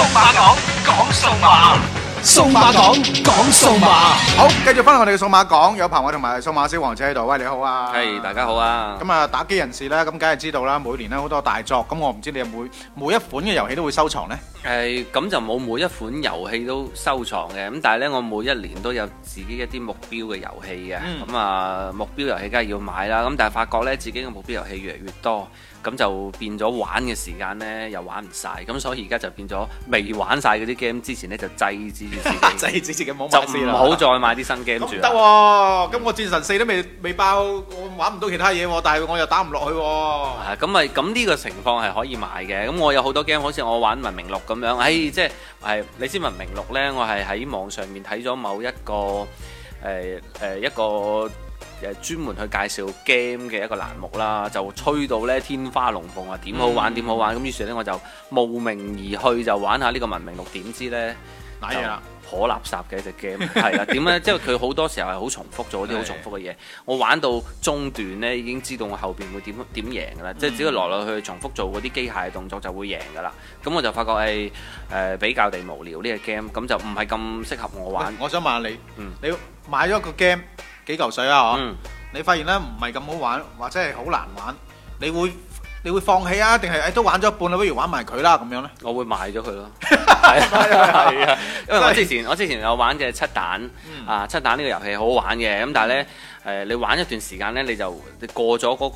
數碼講講數碼，數碼講講數碼。好，繼續翻嚟我哋嘅數碼講，有彭偉同埋數碼小王子喺度，喂，你好啊，係，大家好啊。咁啊，打機人士啦，咁梗係知道啦。每年咧好多大作，咁我唔知你有每每一款嘅遊戲都會收藏咧？誒，咁就冇每一款遊戲都收藏嘅，咁但係咧，我每一年都有自己一啲目標嘅遊戲嘅，咁啊目標遊戲梗係要買啦。咁但係發覺咧，自己嘅目標遊戲越嚟越多。咁就變咗玩嘅時間呢，又玩唔晒。咁、嗯、所以而家就變咗未玩晒嗰啲 game 之前呢，就制住自己，制住 自己，就唔好再買啲新 game。咁得喎，咁我戰神四都未未爆，我玩唔到其他嘢，但係我又打唔落去喎。係咁咪咁呢個情況係可以買嘅。咁我有好多 game，好似我玩文明六咁樣，誒、哎，即係你知文明六呢，我係喺網上面睇咗某一個誒誒、呃呃、一個。誒專門去介紹 game 嘅一個欄目啦，就吹到咧天花龍鳳啊，點好玩點好玩，咁於是咧我就慕名而去就玩下呢個文明六，點知呢，咧就頗垃圾嘅隻 game，係啦點咧，即係佢好多時候係好重複做啲好重複嘅嘢。我玩到中段呢，已經知道我後邊會點點贏噶啦，即係只要來來去重複做嗰啲機械嘅動作就會贏噶啦。咁我就發覺誒誒比較地無聊呢個 game，咁就唔係咁適合我玩。我想問下你，你買咗個 game？幾嚿水啊！嗬、嗯，你發現咧唔係咁好玩，或者係好難玩，你會。你會放棄啊？定係誒都玩咗一半啦，不如玩埋佢啦咁樣咧？我會賣咗佢咯，係 啊，因為我之前是我之前有玩嘅七蛋、嗯、啊七蛋呢個遊戲好好玩嘅，咁但係咧誒，你玩一段時間咧你就你過咗嗰、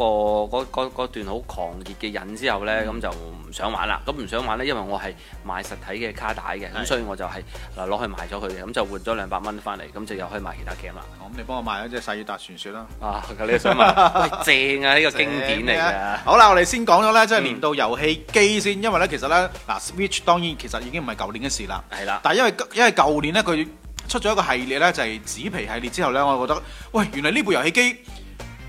嗰個段好狂熱嘅癮之後咧咁、嗯、就唔想玩啦。咁唔想玩咧，因為我係買實體嘅卡帶嘅，咁是所以我就係嗱攞去賣咗佢嘅，咁就換咗兩百蚊翻嚟，咁就又可以買其他 game 啦。咁你幫我買咗隻《塞爾達傳說》啦。啊，你又想買？ 正啊，呢、呢個經典嚟嘅。 好啦，我哋先。講咗咧，嗯、即係年度遊戲機先，因為咧其實咧，嗱 Switch 當然其實已經唔係舊年嘅事啦。係啦了，但係因為因為舊年咧佢出咗一個系列咧，就係、是、紙皮系列之後咧，我覺得喂，原來呢部遊戲機。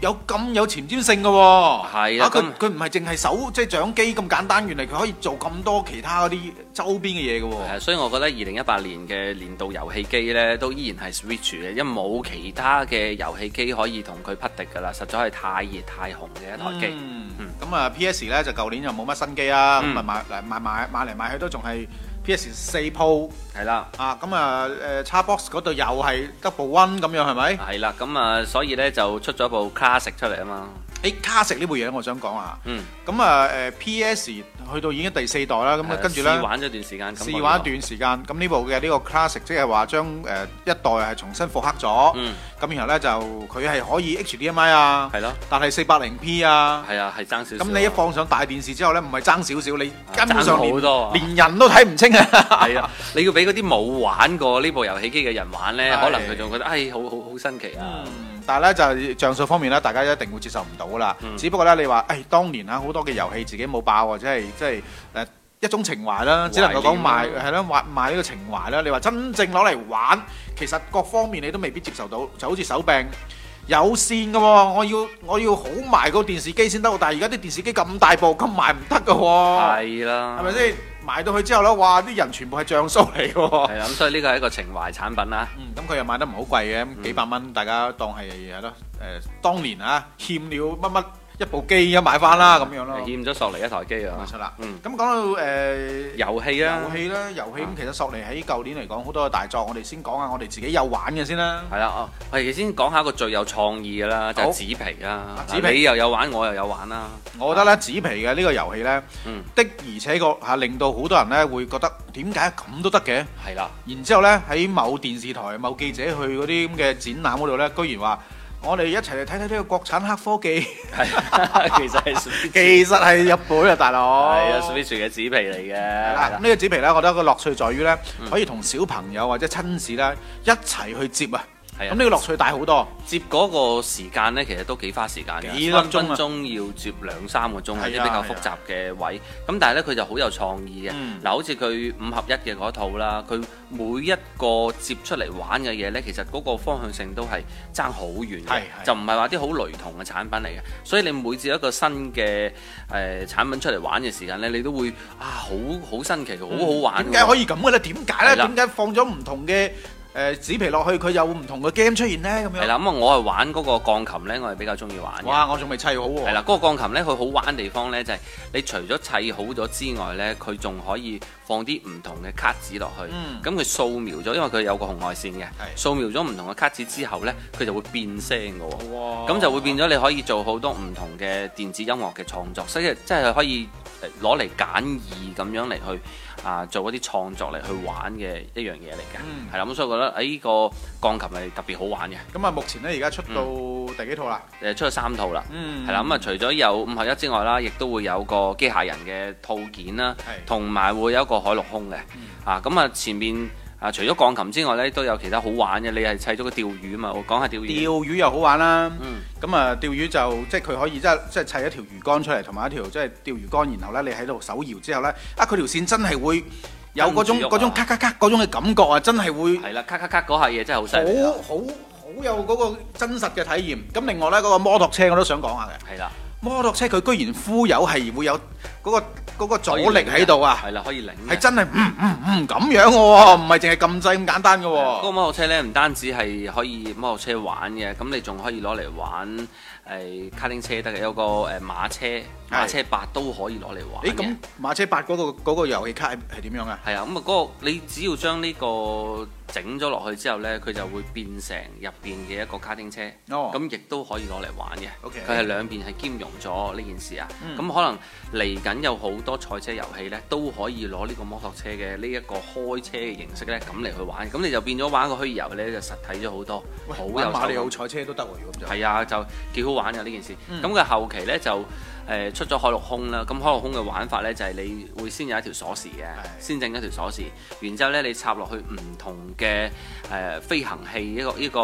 有咁有前瞻性嘅喎，係啊，佢佢唔係淨係手即係掌機咁簡單，原嚟佢可以做咁多其他嗰啲周邊嘅嘢嘅喎。係，所以我覺得二零一八年嘅年度遊戲機咧，都依然係 Switch 嘅，因為冇其他嘅遊戲機可以同佢匹敵嘅啦，實在係太熱太紅嘅一台機。嗯，咁啊，PS 咧就舊年又冇乜新機啦，咁咪買嚟買嚟買去都仲係。PS 4 Pro 係啦，啊咁啊誒 Xbox 嗰度又係 double one 咁樣係咪？係、啊、啦，咁啊，啊，啊所以咧就出咗部 classic 出嚟嘛。誒 classic 呢部嘢我想講啊，嗯。咁啊誒，PS 去到已經第四代啦。咁跟住咧。試玩咗一段時間。試玩一段時間。咁呢部嘅呢個 classic，即係話將誒一代係重新復刻咗。咁然後咧就佢係可以 HDMI 啊。係咯。但係四百零 P 啊。係啊，係爭少。咁你一放上大電視之後咧，唔係爭少少，你跟上好多，連人都睇唔清啊。係啊，你要俾嗰啲冇玩過呢部遊戲機嘅人玩咧，可能佢仲覺得誒好好好新奇啊。但係咧就係像素方面咧，大家一定會接受唔到噶啦。嗯、只不過咧，你話誒當年啊，好多嘅遊戲自己冇爆，即係即係誒一種情懷啦，只能夠講賣係咯，賣賣呢個情懷啦。你話真正攞嚟玩，其實各方面你都未必接受到，就好似手柄有線嘅喎。哦，我要我要好賣個電視機先得。但係而家啲電視機咁大部，咁賣唔得嘅喎。係啦，係咪先？買到去之後呢，哇！啲人全部係像素嚟㗎喎。係啊，咁所以呢個係一個情懷產品啦、啊。嗯，咁佢又賣得唔好貴嘅，嗯、幾百蚊，大家當係係咯。誒、呃，當年啊，欠了乜乜。一部機一買翻啦，咁對樣咯，欠咗索尼一台機、嗯呃、啊。唔錯啦。咁講到誒遊戲啦，遊戲啦，遊戲咁其實索尼喺舊年嚟講好多大作，我哋先講下我哋自己有玩嘅先啦。係啦，哦，我哋先講下個最有創意嘅啦，就係、是、紙皮啦、啊。紙皮又有玩，我又有玩啦、啊。我覺得咧紙皮嘅呢個遊戲咧、嗯、的而且確嚇令到好多人咧會覺得點解咁都得嘅？係啦。了然之後咧喺某電視台、某記者去嗰啲咁嘅展覽嗰度咧，居然話。我哋一齊嚟睇睇呢個國產黑科技， 其實係是 日本啊，大佬，係啊，Switch 嘅紙皮嚟嘅。了了個呢個紙皮咧，我覺得個樂趣在於咧，可以同小朋友或者親子咧一齊去接啊。係呢個樂趣大好多。接嗰個時間咧，其實都幾花時間嘅，分、啊、分鐘要接兩三個鐘，啲的比較複雜嘅位。咁的但係呢，佢就好有創意嘅。嗱、嗯，好似佢五合一嘅嗰套啦，佢每一個接出嚟玩嘅嘢呢，其實嗰個方向性都係爭好遠嘅，的就唔係話啲好雷同嘅產品嚟嘅。所以你每次一個新嘅誒、呃、產品出嚟玩嘅時間呢，你都會啊好好新奇，好好玩。點解、嗯、可以咁嘅咧？點解呢？點解放咗唔同嘅？誒紙、呃、皮落去，佢有唔同嘅 game 出現呢，咁樣係啦。咁我係玩嗰個鋼琴呢，我係比較中意玩。哇、嗯！我仲未砌好喎。係啦，嗰個鋼琴呢，佢好、那個、好玩嘅地方呢，就係、是、你除咗砌好咗之外呢，佢仲可以放啲唔同嘅卡紙落去。咁佢、嗯、掃描咗，因為佢有個紅外線嘅。係是。掃描咗唔同嘅卡紙之後呢，佢就會變聲㗎喎。咁哇就會變咗，你可以做好多唔同嘅電子音樂嘅創作，所以即係可以攞嚟簡易咁樣嚟去啊做一啲創作嚟去玩嘅一樣嘢嚟嘅。嗯。係啦，咁所以我覺得。誒呢個鋼琴係特別好玩嘅。咁啊、嗯，目前咧而家出到第幾套啦？誒，出咗三套啦。嗯，係啦。咁啊，除咗有五合一之外啦，亦都會有個機械人嘅套件啦。同埋係會有一個海陸空嘅。啊、嗯，咁啊、嗯，前面啊，除咗鋼琴之外咧，都有其他好玩嘅。你係砌咗個釣魚啊嘛？我講下釣魚。釣魚又好玩啦。咁啊、嗯，釣、嗯、魚就即係佢可以即係即係即係砌一條魚竿出嚟，同埋一條即係釣魚竿，然後咧你喺度手搖之後咧，啊佢條、啊、線真係會～有嗰種咔咔咔嗰種嘅感覺啊，真係會係啦，咔咔咔嗰下嘢真係好犀利。好好好有嗰個真實嘅體驗。咁、嗯、另外咧，嗰、嗰個摩托車我都想講下嘅。係啦的，摩托車佢居然呼油係會有嗰、嗰個嗰個阻力喺度啊！係啦，可以擰係真係唔嗯嗯咁、嗯嗯、樣喎、啊，唔係淨係咁細咁簡單嘅喎、啊。嗰個摩托車咧唔單止係可以摩托車玩嘅，咁你仲可以攞嚟玩係、呃、卡丁車得嘅有個誒馬車，馬車八都可以攞嚟玩。咁、欸、馬車八嗰、那個嗰、那個遊戲卡係係點樣啊？係、那、啊、個，咁啊嗰個你只要將呢個整咗落去之後呢，佢就會變成入邊嘅一個卡丁車。咁亦、哦、都可以攞嚟玩嘅。佢係 okay. 兩邊係兼容咗呢件事啊。咁、嗯、可能嚟緊有好多賽車遊戲呢，都可以攞呢個摩托車嘅呢一個開車嘅形式呢，咁嚟去玩。咁你就變咗玩個虛擬遊，戲遊戲呢，就實體咗好多，好喂有。馬里奧賽車都得喎、啊，如果咁係啊，就幾好玩㗎呢件事。咁佢、嗯、後期呢，就。誒出咗海陸空啦，咁海陸空嘅玩法咧就係你會先有一條鎖匙嘅，係先整一條鎖匙，然之後咧你插落去唔同嘅、誒、呃、飛行器一個依、這個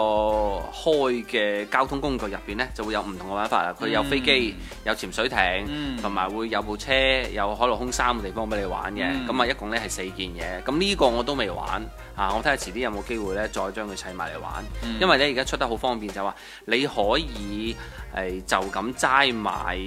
開嘅交通工具入邊咧就會有唔同嘅玩法啦。佢有飛機、嗯、有潛水艇，同埋、嗯、會有部車，有海陸空三個地方俾你玩嘅。咁啊、嗯，一共咧係四件嘢。咁、這、呢個我都未玩啊！我睇下遲啲有冇機會咧再將佢砌埋嚟玩，嗯、因為咧而家出得好方便，就話、是、你可以誒、呃、就咁齋買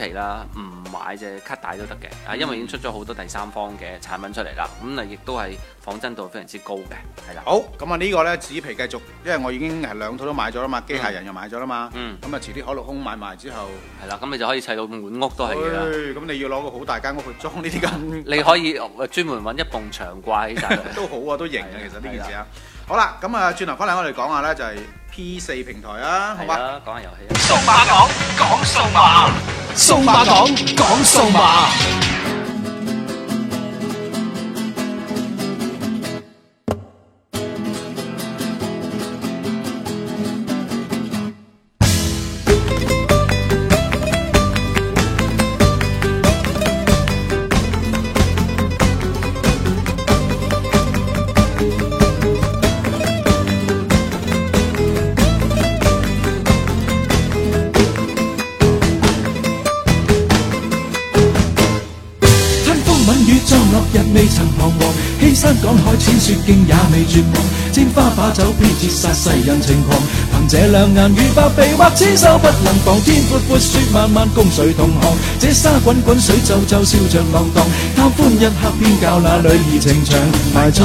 皮啦，唔買隻卡帶都得嘅啊，因為已經出咗好多第三方嘅產品出嚟啦。咁啊，亦都係仿真度非常之高嘅，係啦。好，咁啊，呢個咧紙皮繼續，因為我已經係兩套都買咗啦嘛，機械人又買咗啦嘛，嗯，咁啊，遲啲海陸空買埋之後係啦，咁你就可以砌到滿屋都係嘅啦。咁你要攞個好大間屋去裝呢啲咁，你可以專門搵一埲牆掛起晒都好啊，都型啊。其實呢件事啊，好啦，咁啊，轉頭翻嚟我哋講下咧就係 P 四平台啦，好嘛，講下遊戲數碼講講數碼。數碼講，講數碼。雨中落日未曾彷徨，欺山趕海穿雪徑也未絕望。沾花把酒偏折殺世人情狂，憑這兩眼與百臂或千手不能防。天闊闊雪漫漫，共誰同行？這沙滾滾，水皺皺，笑着浪蕩。貪歡一刻偏教那女兒情長埋葬。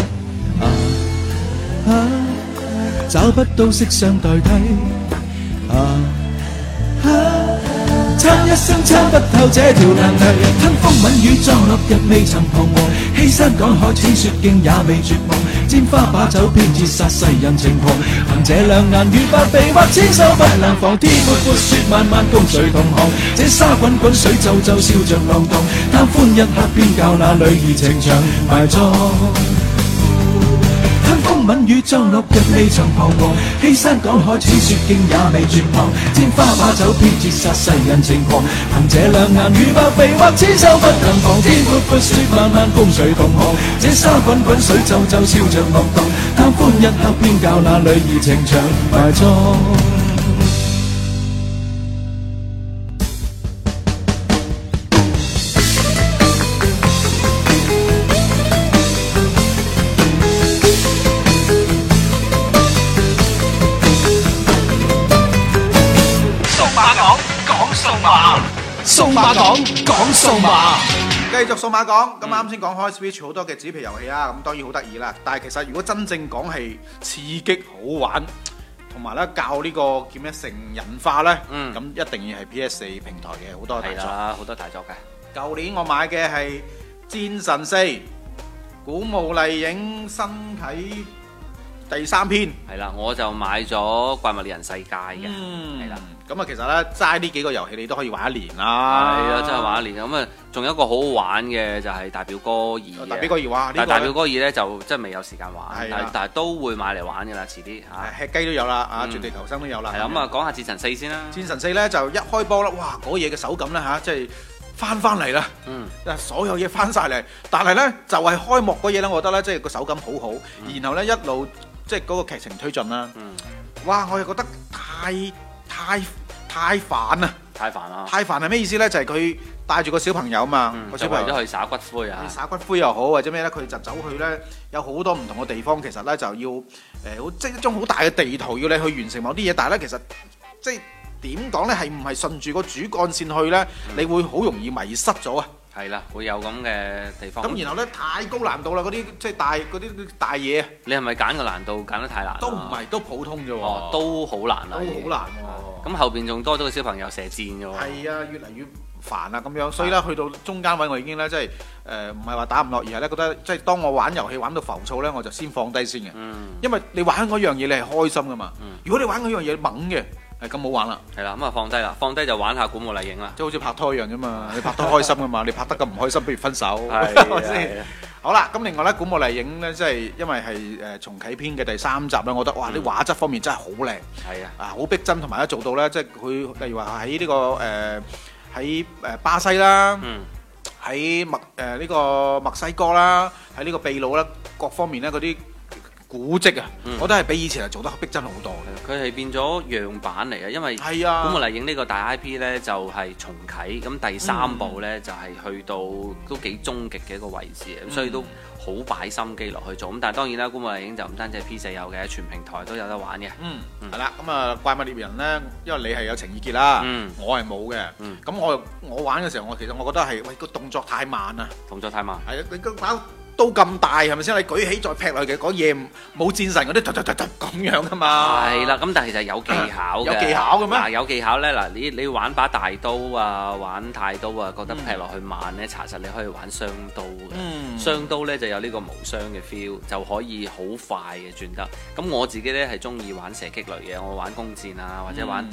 啊、找不到色相代替，啊，參、啊、一生參不透這條難題。吞風吻雨葬落日未曾彷徨，欺山趕海踐雪徑也未絕望。拈花把酒偏折煞世人情狂，憑這兩眼與百臂或千手，不能防。天闊闊雪漫漫共誰同航？這沙滾滾水皺皺笑着浪蕩，貪歡一刻偏教那女兒情長埋葬。吞風吻雨葬落日未曾彷徨。欺山趕海，踐雪徑也未絕望。拈花把酒，偏折煞世人情狂。憑這兩眼，與百臂或千手，不能防。天闊闊，雪漫漫，共誰同航。這沙滾滾，水皺皺，笑着浪蕩。貪歡一刻，偏教那女兒情長埋葬。講數碼，繼續數碼講，咁啱先講開 Switch 好多嘅紙皮遊戲啦，咁當然好得意啦，但係其實如果真正講係刺激好玩，同埋咧教呢個叫咩成人化咧，嗯，咁一定要係 PS4 平台嘅好多大作，係啦，好多大作嘅。舊年我買嘅係《戰神四》《古墓麗影新體》第三篇，係啦，我就買咗《怪物獵人世界》嘅，係啦。咁啊，其實咧，齋呢幾個遊戲你都可以玩一年啦，係啊，真係玩一年。咁啊，仲有一個好好玩嘅就係、是、大表哥二。大表哥二哇、啊！但係大表哥二咧就真係未有時間玩，的但係都會買嚟玩㗎啦，遲啲嚇。啊、吃雞都有啦，啊，絕地求生都有啦。係咁啊，講下戰神四先啦。戰神四咧就一開波啦，哇！嗰嘢嘅手感咧吓，即係翻翻嚟啦。嗯。所有嘢翻晒嚟，但係咧就係、是、開幕嗰嘢咧，我覺得咧即係個手感好好，嗯、然後咧一路即係嗰個劇情推進啦。嗯。哇！我又覺得太太～太煩啦！太煩啦！太煩係咩意思咧？就係佢帶住個小朋友嘛，個小朋友都去撒骨灰啊！撒骨灰又好或者咩咧？佢就走去咧，有好多唔同嘅地方。其實咧就要誒，好即係一張好大嘅地圖，要你去完成某啲嘢。但係咧，其實即係點講咧，係唔係順住個主幹線去咧？你會好容易迷失咗啊！係啦，會有咁嘅地方。咁然後咧，太高難度啦！嗰啲即係大嗰啲大嘢。你係咪揀個難度揀得太難？都唔係，都普通啫喎。都好難啊！都好難。咁後邊仲多咗個小朋友射箭喎，係啊，越嚟越煩啊，咁樣，所以咧去到中間位我已經咧、呃，即係誒唔係話打唔落，而係咧覺得即係當我玩遊戲玩到浮躁咧，我就先放低先嘅。嗯，因為你玩嗰樣嘢你係開心噶嘛。嗯、如果你玩嗰樣嘢猛嘅，係咁好玩啦。係啦、啊，咁啊放低啦，放低就玩下《古墓麗影》啦，即係好似拍拖一樣啫嘛。你拍拖開心噶嘛， 你拍得咁唔開心，不如分手，我 好啦，咁另外咧，《古墓麗影》咧，即係因為係誒重啟篇嘅第三集咧，我覺得哇，啲、嗯、畫質方面真係好靚，係是的 啊，啊好逼真，同埋咧做到咧，即係佢例如話喺呢個誒喺誒巴西啦，喺、嗯、墨誒呢、呃呢個墨西哥啦，喺呢個秘魯啦，各方面咧嗰啲。古跡啊，嗯、我都係比以前啊做得逼真好多嘅，佢係變咗樣板嚟嘅。因為，咁古墓麗影呢個大 I P 咧就係、是、重啟，咁第三部咧、嗯、就係去到都幾終極嘅一個位置，咁、嗯、所以都好擺心機落去做，咁但係當然啦，古墓麗影就唔單止係 P 四有嘅，全平台都有得玩嘅，嗯，係啦、嗯，咁啊怪物獵人咧，因為你係有情意結啦，我係冇嘅，咁我我玩嘅時候我其實我覺得係喂個動作太慢啊，動作太慢，係啊，你刀咁大係咪先？你舉起再劈落嘅嗰嘢冇戰神嗰啲突突突突咁樣噶嘛？係啦，咁但係其實有技巧嘅。有技巧嘅咩？有技巧咧嗱，你你玩把大刀啊，玩太刀啊，覺得劈落去慢咧，查實你可以玩雙刀嘅。雙刀咧就有呢個無雙嘅 feel，就可以好快嘅轉得。咁我自己咧係中意玩射擊類嘅，我玩弓箭啊，或者玩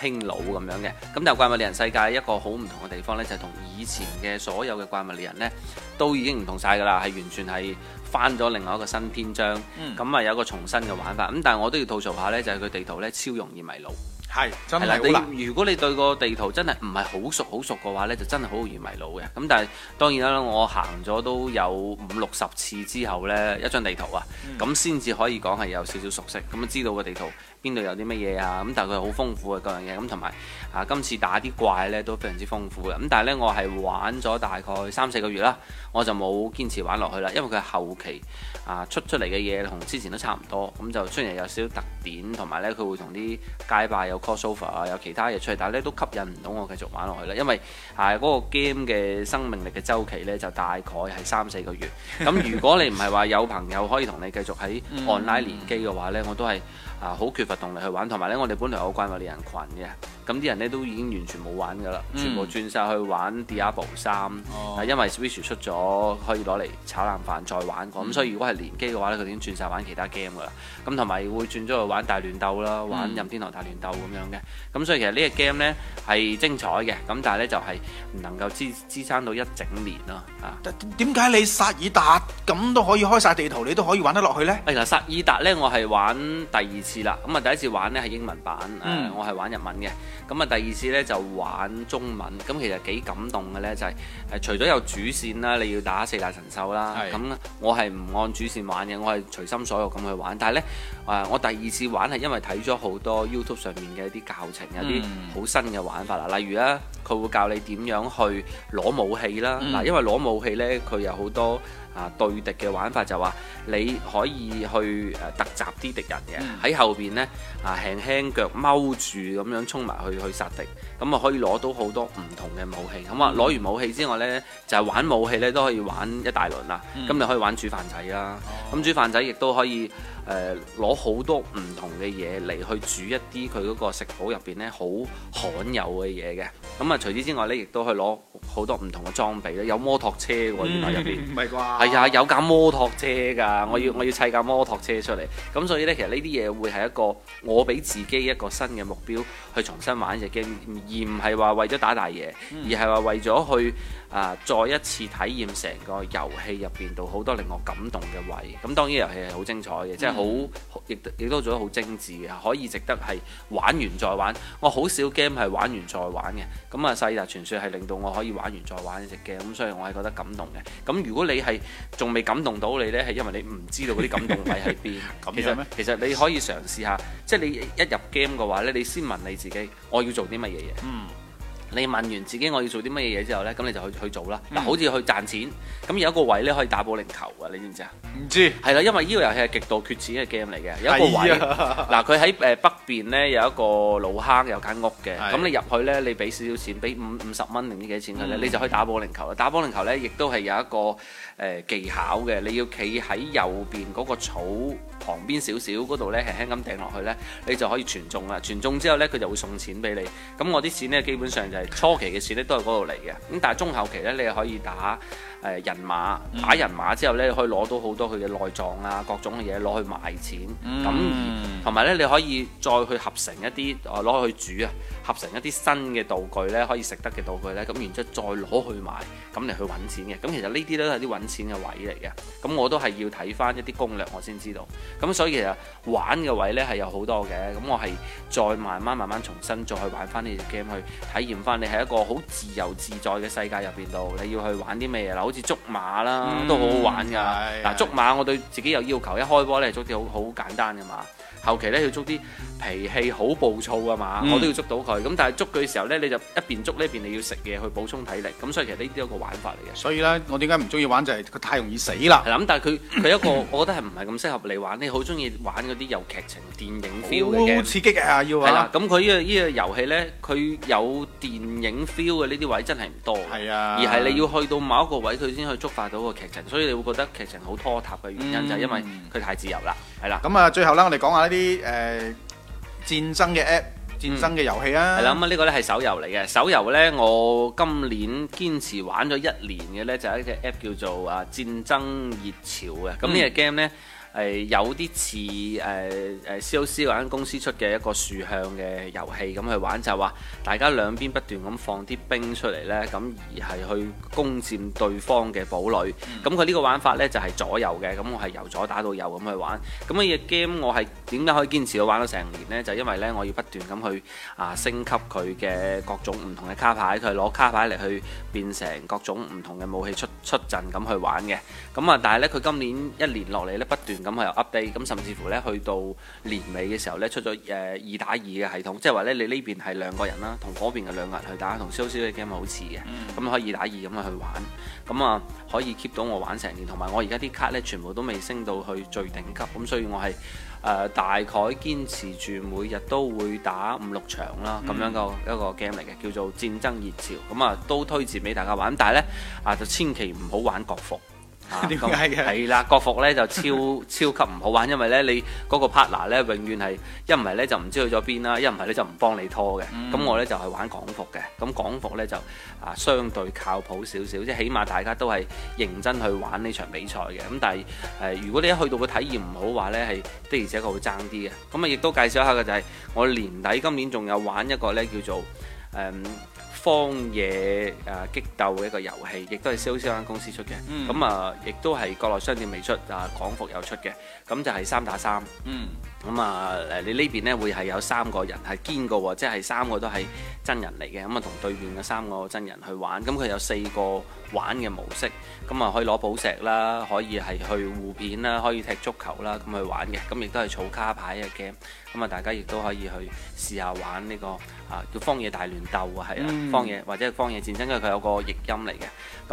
誒輕弩咁樣嘅。咁但係怪物獵人世界一個好唔同嘅地方咧，就係同以前嘅所有嘅怪物獵人咧，都已經唔同曬㗎啦，係。完全係翻咗另外一個新篇章，咁啊、嗯、有個重新嘅玩法。咁、嗯、但係我都要吐槽下呢就係、是、佢地圖呢超容易迷路。係是，的真係會。如果你對個地圖真係唔係好熟好熟嘅話呢就真係好容易迷路嘅。咁但係當然啦，我行咗都有五六十次之後呢，一張地圖啊，咁先至可以講係有少少熟悉，咁知道個地圖。邊度有啲乜嘢啊？咁但係佢好豐富嘅各樣嘢，咁同埋啊今次打啲怪呢都非常之豐富嘅。咁但係呢，我係玩咗大概三四個月啦，我就冇堅持玩落去啦。因為佢後期啊出出嚟嘅嘢同之前都差唔多，咁、嗯、就雖然有少少特點，同埋呢，佢會同啲街霸有 crossover 啊，有其他嘢出嚟，但係呢都吸引唔到我繼續玩落去啦。因為啊嗰、嗰個 game 嘅生命力嘅周期呢，就大概係三四個月。咁 如果你唔係話有朋友可以同你繼續喺 online 連機嘅話呢，我都係。啊，好缺乏動力去玩，同埋咧，我哋本來有怪物獵人群嘅，咁啲人咧都已經完全冇玩噶啦，嗯、全部轉晒去玩 Diablo 三，啊，哦、因為 Switch、er、出咗可以攞嚟炒冷飯再玩，咁、嗯、所以如果係連機嘅話咧，佢已經轉晒玩其他 game 噶啦，咁同埋會轉咗去玩大亂鬥啦，嗯、玩任天堂大亂鬥咁樣嘅，咁所以其實個呢個 game 呢係精彩嘅，咁但係呢就係、是、唔能夠支支撐到一整年咯，啊，點解你薩爾達咁都可以開晒地圖，你都可以玩得落去呢？誒嗱、啊，薩爾達咧，我係玩第二次。啦，咁啊第一次玩呢係英文版，嗯、我係玩日文嘅，咁啊第二次呢就玩中文，咁其實幾感動嘅呢就係、是、除咗有主線啦，你要打四大神獸啦，咁是、嗯、我係唔按主線玩嘅，我係隨心所欲咁去玩，但係呢，啊我第二次玩係因為睇咗好多 YouTube 上面嘅一啲教程，有啲好新嘅玩法啦，例如呢，佢會教你點樣去攞武器啦，嗱、嗯、因為攞武器呢，佢有好多。啊！對敵嘅玩法就話你可以去誒突襲啲敵人嘅喺、嗯、後邊呢，啊輕輕腳踎住咁樣衝埋去去殺敵，咁啊可以攞到好多唔同嘅武器。咁啊攞完武器之外呢，就係玩武器呢都可以玩一大輪啦。咁、嗯、你可以玩煮飯仔啦，咁、哦、煮飯仔亦都可以。誒攞好多唔同嘅嘢嚟去煮一啲佢嗰個食譜入邊呢，好罕有嘅嘢嘅，咁、嗯、啊除此之外呢，亦都去攞好多唔同嘅裝備咧，有摩托車喎，原來入邊，唔係啩？係啊面吧、哎，有架摩托車㗎，我要、嗯、我要砌架摩托車出嚟，咁所以呢，其實呢啲嘢會係一個我俾自己一個新嘅目標去重新玩隻 game，而唔係話為咗打大爺，嗯、而係話為咗去。啊！再一次體驗成個遊戲入邊到好多令我感動嘅位，咁當然遊戲係好精彩嘅，嗯、即係好亦都做得好精緻嘅，可以值得係玩完再玩。我好少 game 係玩完再玩嘅，咁啊《世達傳説》係令到我可以玩完再玩嘅一隻 game，咁所以我係覺得感動嘅。咁如果你係仲未感動到你呢，係因為你唔知道嗰啲感動位喺邊。 這樣 其實嗎其實你可以嘗試下，即係你一入 game 嘅話呢，你先問你自己，我要做啲乜嘢嘢？嗯。你問完自己我要做啲乜嘢嘢之後呢，咁你就去去做啦。好似去賺錢，咁有一個位呢，可以打保齡球嘅，你知唔知啊？唔知。係啦，因為呢個遊戲係極度缺錢嘅 game 嚟嘅，有一個位，嗱佢喺誒北邊呢有一個老坑有間屋嘅，咁的你入去呢，你俾少少錢，俾五五十蚊定唔知幾錢佢呢，嗯、你就可以打保齡球啦。打保齡球呢亦都係有一個、呃、技巧嘅，你要企喺右邊嗰個草，旁邊少少嗰度呢，輕輕咁掟落去呢，你就可以傳中啦。傳中之後呢，佢就會送錢俾你。咁我啲錢呢，基本上就係初期嘅錢呢都係嗰度嚟嘅。咁但係中後期呢，你可以打。誒人馬打人馬之後咧，你可以攞到好多佢嘅內臟啊，各種嘅嘢攞去賣錢。咁同埋呢，你可以再去合成一啲攞、啊、去煮啊，合成一啲新嘅道具呢，可以食得嘅道具呢。咁然之後再攞去賣，咁嚟去揾錢嘅。咁其實呢啲都係啲揾錢嘅位嚟嘅。咁我都係要睇翻一啲攻略，我先知道。咁所以其實玩嘅位呢，係有好多嘅。咁我係再慢慢慢慢重新再去玩翻呢隻 game 去體驗翻。你喺一個好自由自在嘅世界入邊度，你要去玩啲咩嘢咧？似捉馬啦，嗯、都好好玩㗎。嗱的，捉馬我對自己有要求，一開波咧捉啲好好簡單㗎嘛。後期咧要捉啲脾氣好暴躁啊嘛，嗯、我都要捉到佢。咁但係捉佢嘅時候咧，你就一邊捉呢一邊你要食嘢去補充體力。咁所以其實呢啲一個玩法嚟嘅。所以咧，我點解唔中意玩就係、係、佢太容易死啦。係啦，咁但係佢佢一個，我覺得係唔係咁適合你玩？ 你好中意玩嗰啲有劇情、電影 feel 嘅。好刺激嘅要啊！係啦，咁佢呢個呢、呢個遊戲咧，佢有電影 feel 嘅呢啲位真係唔多。係啊的，而係你要去到某一個位，佢先可以觸發到個劇情，所以你會覺得劇情好拖沓嘅原因、嗯、就係因為佢太自由啦。係啦，咁啊，最後啦，我哋講下呢。啲誒、呃、戰爭嘅 app，戰爭嘅遊戲啊，係啦。咁啊呢個咧係手遊嚟嘅，手遊呢。我今年堅持玩咗一年嘅呢，就係、是、一隻 app 叫做啊戰爭熱潮啊。咁呢隻 game 呢。嗯係有啲似誒誒 COC 玩公司出嘅一個豎向嘅遊戲，咁去玩，就話、是、大家兩邊不斷咁放啲兵出嚟咧，咁而係去攻佔對方嘅堡壘，咁佢呢個玩法咧就係、是、左右嘅，咁我係由左打到右咁去玩。咁呢隻 game 我係點解可以堅持到玩到成年咧？就因為咧我要不斷咁去啊升級佢嘅各種唔同嘅卡牌，佢係攞卡牌嚟去變成各種唔同嘅武器出出陣咁去玩嘅。咁啊，但係咧佢今年一年落嚟咧不斷。咁佢又 update，咁甚至乎咧去到年尾嘅時候咧，出咗誒、呃、二打二嘅系統，即係話咧你呢邊係兩個人啦，同嗰邊嘅兩個人去打，同消消嘅 game 好似嘅，咁、嗯、可以二打二咁啊去玩，咁啊可以 keep 到我玩成年，同埋我而家啲卡 a 咧全部都未升到去最頂級，咁所以我係誒、呃、大概堅持住每日都會打五六場啦，咁樣個一個 game 嚟嘅，叫做戰爭熱潮，咁啊都推薦俾大家玩，但係咧啊就千祈唔好玩國服。點解啦，國服呢就超超級唔好玩，因為呢，你嗰個 partner 呢永遠係一唔係呢就唔知去咗邊啦，一唔係呢就唔幫你拖嘅。咁、嗯、我呢就係玩港服嘅，咁港服呢就啊相對靠譜少少，即係起碼大家都係認真去玩呢場比賽嘅。咁但係誒，如果你一去到個體驗唔好話呢，係的而且確會爭啲嘅。咁啊，亦都介紹一下嘅就係、是、我年底今年仲有玩一個呢叫做嗯。荒野誒、啊、激鬥嘅一個遊戲，亦都係係小間公司出嘅，咁、嗯、啊，亦都係國內商店未出啊，港服有出嘅，咁就係三打三。嗯咁啊，誒，你呢邊呢？會係有三個人係堅嘅喎，即係三個都係真人嚟嘅。咁啊，同對面嘅三個真人去玩，咁佢有四個玩嘅模式，咁啊可以攞寶石啦，可以係去互片啦，可以踢足球啦，咁去玩嘅。咁亦都係草卡牌嘅 game。咁啊，大家亦都可以去試下玩呢、呢個啊叫荒野大亂鬥啊，係啊、嗯，荒野或者係荒野戰爭，因為佢有個譯音嚟嘅。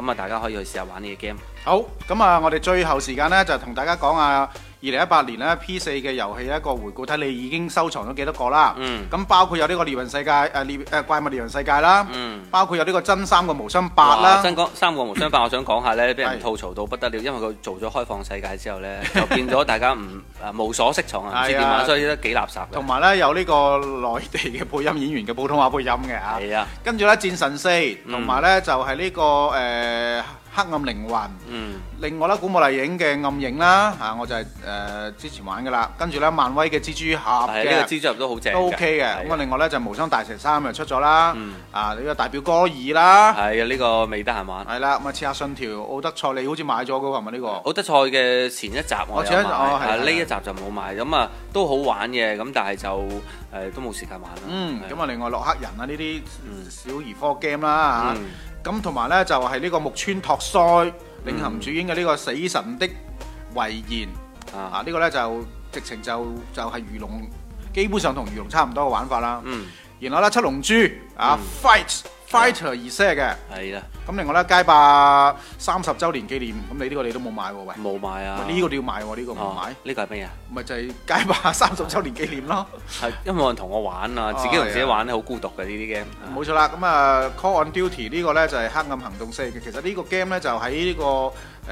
咁啊，大家可以去試下玩呢個 game。好，咁啊，我哋最後時間呢，就同大家講下。二零一八年咧，P 四嘅遊戲一個回顧，睇你已經收藏咗幾多個啦。嗯，咁包括有呢個獵人世界，誒、啊、獵誒怪物獵人世界啦。嗯，包括有呢個真三個無雙八啦。哇真哥三國無雙八， 我想講下咧，俾人吐槽到不得了，因為佢做咗開放世界之後咧，就變咗大家唔誒 無所適從啊，即係點所以都幾垃，垃圾。同埋咧，有呢個內地嘅配音演員嘅普通話配音嘅啊。係啊，跟住咧，戰神四，同埋咧就係、是、呢、這個誒。呃黑暗靈魂，嗯，另外啦，古墓麗影嘅暗影啦，啊，我就係誒之前玩噶啦，跟住咧漫威嘅蜘蛛俠嘅呢個蜘蛛俠都好正，都 OK 嘅。咁啊，另外咧就無雙大蛇三又出咗啦，啊呢個大表哥二啦，係啊呢個未得閒玩，係啦。咁啊，刺客信條奧德賽你好似買咗噶喎，係咪呢個？奧德賽嘅前一集我買，呢一集就冇買。咁啊都好玩嘅，咁但係就誒都冇時間玩。嗯，咁啊，另外洛克人啊呢啲小兒科 game 啦嚇。咁同埋咧就係呢個木村拓哉、嗯、領銜主演嘅呢個《死神的遺言》啊，啊呢、呢個咧就直情就就係魚龍，基本上同魚龍差唔多嘅玩法啦。嗯、然後咧七龍珠啊、嗯、Fight！Fighter 二 set 嘅，係啦的。咁另外咧，街霸三十周年紀念，咁你呢個你都冇買喎、啊，喂。冇買啊！呢個都要買喎、啊，呢、這個冇買。呢、哦這個係咩啊？咪就係街霸三十周年紀念咯。係，因為冇人同我玩啊，啊自己同自己玩咧，好的孤獨嘅呢啲 game。冇錯啦，咁啊、呃、Call On Duty 個呢個咧就係、是、黑暗行動四嘅。其實個呢個 game 咧就喺、是、呢、這個。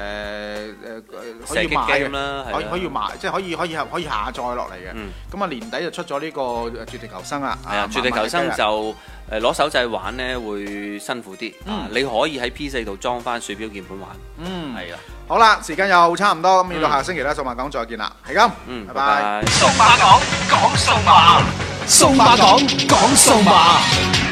誒誒，可以買咁啦，可以可以買，即係可以可以可可以下載落嚟嘅。咁啊，年底就出咗呢個絕地求生啦。絕地求生就誒，攞手掣玩咧會辛苦啲。嗯，你可以喺 P 四度裝翻鼠標鍵盤玩。嗯，係啊。好啦，時間又差唔多，咁要到下個星期咧數碼講再見啦。係咁，嗯，拜拜。數碼講講數碼，數碼講講數碼。